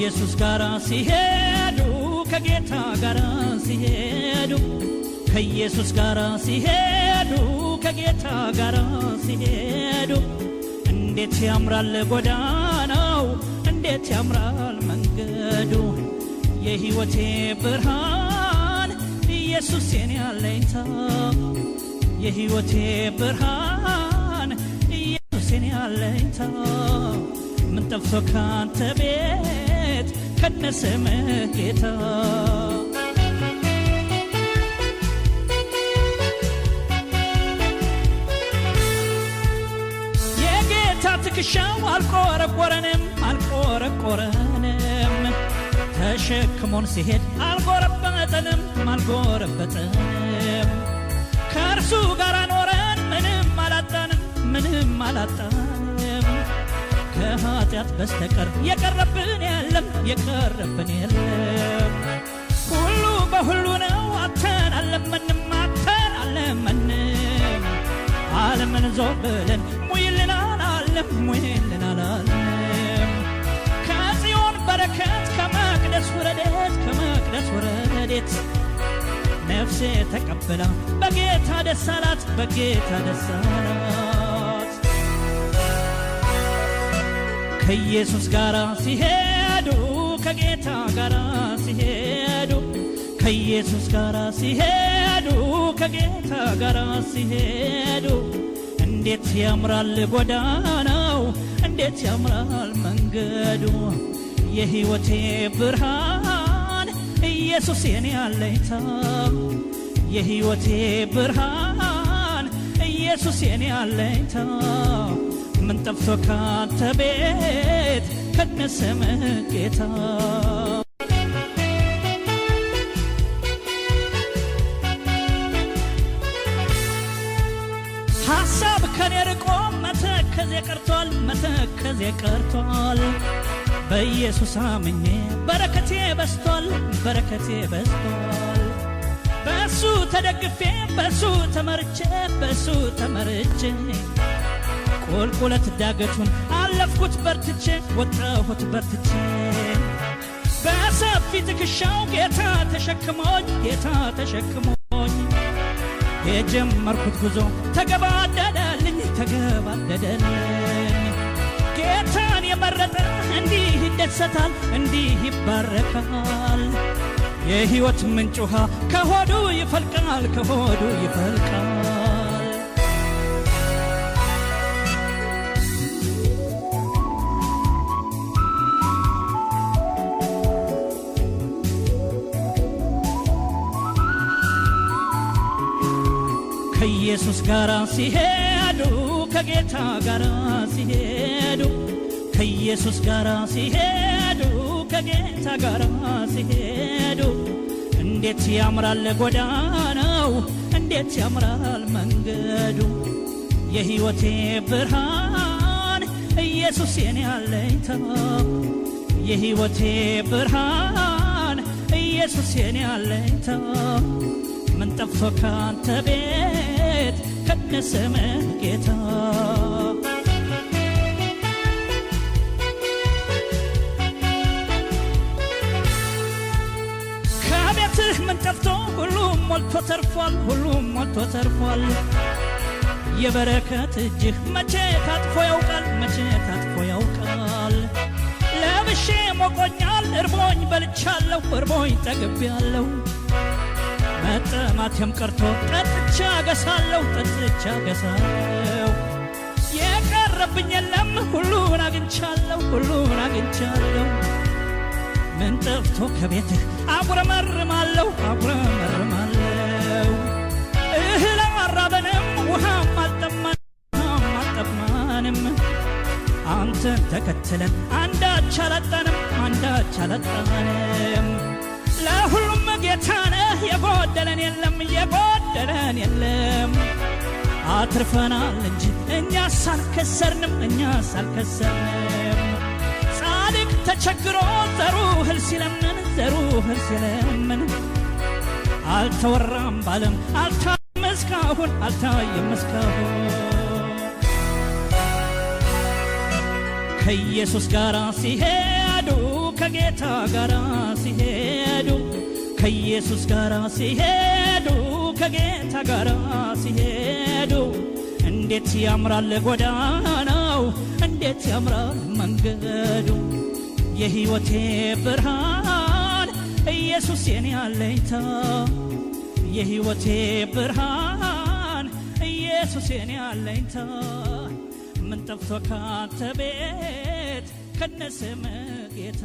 ከኢየሱስ ጋር ሲሄዱ ከጌታ ጋር ሲሄዱ ከኢየሱስ ጋር ሲሄዱ ከጌታ ጋር ሲሄዱ እንዴት ያምራል ጎዳናው እንዴት ያምራል መንገዱ የሕይወቴ ብርሃን ኢየሱስ የኔ አለኝታ የሕይወቴ ብርሃን ኢየሱስ የኔ አለኝታ ምን ጠፍቶ ካንተ ቤት ከነስምህ ጌታ የጌታ ትከሻው አልቆረቆረንም አልቆረቆረንም ተሸክሞን ሲሄድ አልጎረበጠንም አልጎረበጠንም ከእርሱ ጋር አኖረን ምንም አላጣንም ምንም አላጣን ከኃጢአት በስተቀር የቀረብን የለም የቀረብን የለም። ሁሉ በሁሉ ነው አተን አለመንም አተን አለመንም አለምን ዞ ብለን ሙይልናል አለም ሙይልናል አለም ከጽዮን በረከት ከመቅደስ ውረደት ከመቅደስ ውረደት ነፍሴ ተቀብላ በጌታ ደስ አላት በጌታ ደስ አላት። ከኢየሱስ ጋር ሲሄዱ ከጌታ ጋር ሲሄዱ ከኢየሱስ ጋር ሲሄዱ ከጌታ ጋር ሲሄዱ እንዴት ያምራል ጎዳናው እንዴት ያምራል መንገዱ የሕይወቴ ብርሃን ኢየሱስ የኔ አለኝታ የሕይወቴ ብርሃን ኢየሱስ የኔ አለኝታ ምን ጠፍቶ ካንተ ቤት ከነስም ጌታ ሀሳብ ከኔ ርቆ መተከዜ ቀርቷል መተከዜ ቀርቷል በኢየሱስ አምኜ በረከቴ በስቷል በረከቴ በስቷል በእሱ ተደግፌ በእሱ ተመርቼ በእሱ ተመርቼ ቁልቁለት ዳገቱን አለፍኩት በርትቼ ወጣሁት በርትቼ በሰፊ ትከሻው ጌታ ተሸክሞኝ ጌታ ተሸክሞኝ የጀመርኩት ጉዞ ተገባደደልኝ ተገባደደልኝ ጌታን የመረጠ እንዲህ ይደሰታል እንዲህ ይባረካል የሕይወት ምንጭ ውሃ ከሆዱ ይፈልቃል ከሆዱ ይፈልቃል ከኢየሱስ ጋር ሲሄዱ ከጌታ ጋር ሲሄዱ ከኢየሱስ ጋር ሲሄዱ ከጌታ ጋር ሲሄዱ እንዴት ያምራል ጎዳናው እንዴት ያምራል መንገዱ የሕይወቴ ብርሃን ኢየሱስ የኔ አለኝታ የሕይወቴ ብርሃን ኢየሱስ የኔ አለኝታ ምን ጠፍቶ ካንተ ቤት ከነስም ጌታ ከቤትህ ምን ጠፍቶ ሁሉም ሞልቶ ተርፏል፣ ሁሉም ሞልቶ ተርፏል። የበረከት እጅህ መቼ ታጥፎ ያውቃል፣ መቼ ታጥፎ ያውቃል። ለብሼ ሞቆኛል፣ እርቦኝ በልቻለሁ፣ እርቦኝ ጠግቤያለሁ። መጠማቴም ቀርቶ ጠጥቻ ገሳለሁ ጠጥቻ ገሳለሁ የቀረብኝ የለም ሁሉን አግኝቻለሁ ሁሉን አግኝቻለሁ ምን ጠፍቶ ከቤትህ አጉረመርማለሁ አጉረመርማለሁ እህል አራበንም ውሃም አልጠማንም አልጠማንም አንተን ተከትለን አንዳች አላጣንም አንዳች አላጣንም የለም የጎደለን የለም አትርፈናል እንጂ እኛ ሳልከሰርንም! እኛ ሳልከሰርንም ጻድቅ ተቸግሮ ዘሩ እህል ሲለምን ዘሩ እህል ሲለምን አልተወራም ባለም አልታየም እስካሁን አልታየም እስካሁን ከኢየሱስ ጋር ሲሄዱ ከጌታ ጋር ሲሄዱ ከኢየሱስ ጋር ሲሄዱ ከጌታ ጋር ሲሄዱ እንዴት ያምራል ጎዳናው፣ እንዴት ያምራል መንገዱ። የሕይወቴ ብርሃን ኢየሱስ የኔ አለኝታ፣ የሕይወቴ ብርሃን ኢየሱስ የኔ አለኝታ። ምን ጠፍቶ ካንተ ቤት ከነስም ጌታ